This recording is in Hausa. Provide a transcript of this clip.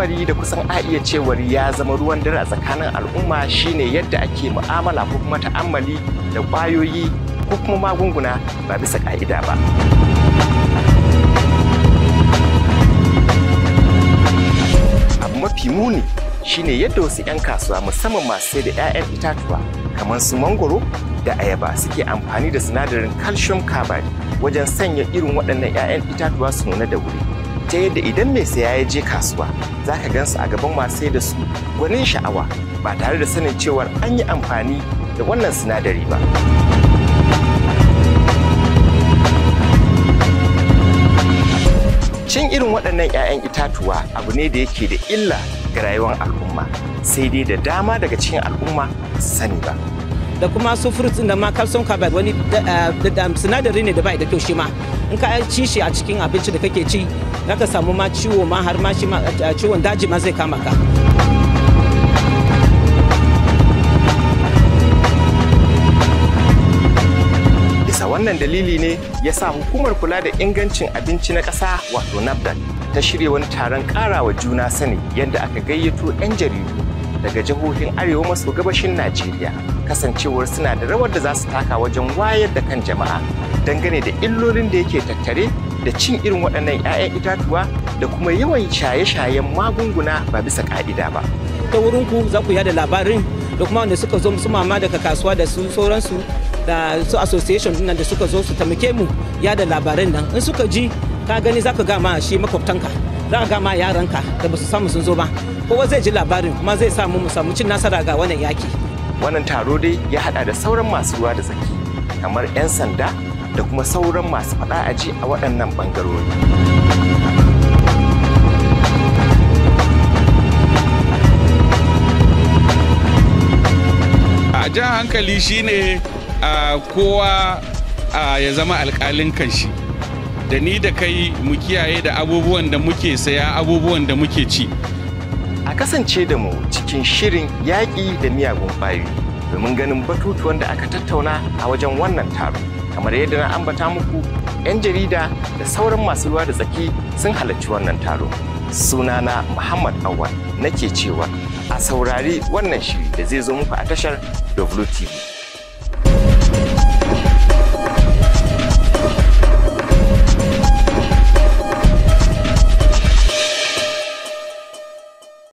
al'amari da kusan a iya cewar ya zama ruwan dare a tsakanin al'umma shine yadda ake mu'amala ko kuma ta'ammali da kwayoyi ko kuma magunguna ba bisa ƙa'ida ba. Abu mafi muni shine yadda wasu 'yan kasuwa musamman masu sai da 'ya'yan itatuwa kamar su mangoro da ayaba suke amfani da sinadarin calcium carbide wajen sanya irin waɗannan 'ya'yan itatuwa su nuna da wuri. ta yadda idan mai saya ya je kasuwa za ka gansu a gaban masu da su gwanin sha'awa ba tare da sanin cewar an yi amfani da wannan sinadari ba. Cin irin waɗannan 'ya'yan itatuwa abu ne da yake da illa ga rayuwar al'umma sai dai da dama daga cikin al'umma su sani ba. da kuma su fruits da ma calcium carbide wani eh, sinadari ne da bai da kyau shi ma in ka ci shi a cikin abinci da kake ci zaka samu ma ciwo ma har ma shi eh, eh, ciwon daji ma zai kama ka bisa wannan dalili ne ya sa hukumar kula da ingancin abinci na ƙasa wato nafdac ta shirya wani taron ƙarawa juna sani yadda aka gayyato 'yan jaridu daga jihohin arewa maso gabashin Najeriya kasancewar suna da rawar da za su taka wajen wayar da kan jama'a dangane da illolin da yake tattare da cin irin waɗannan 'ya'yan itatuwa da kuma yawan shaye-shayen magunguna ba bisa ka'ida ba. Ta wurin ku za ku yada labarin da kuma wanda suka zo su mama daga kasuwa da su sauransu da su association nan da suka zo su taimake mu yada labarin nan in suka ji ka gani za ka gama shi makwabtanka. za a gama yaranka da ba su samu sun zo ba kowa zai ji labarin kuma zai samu mu samu cin nasara ga wannan yaki wannan taro dai ya hada da sauran masu ruwa da tsaki kamar 'yan sanda da kuma sauran masu fada a ji a waɗannan bangarori a jan hankali shine kowa ya zama alƙalin kanshi da ni da kai mu kiyaye da abubuwan da muke saya abubuwan da muke ci. A kasance da mu cikin shirin yaƙi da miyagun ƙwayoyi domin ganin batutuwan da aka tattauna a wajen wannan taro. Kamar yadda na ambata muku, 'yan jarida da sauran masu ruwa da tsaki sun halarci wannan taro. Sunana Muhammad Awal nake cewa a saurari wannan shiri da zai zo muku a tashar WTV.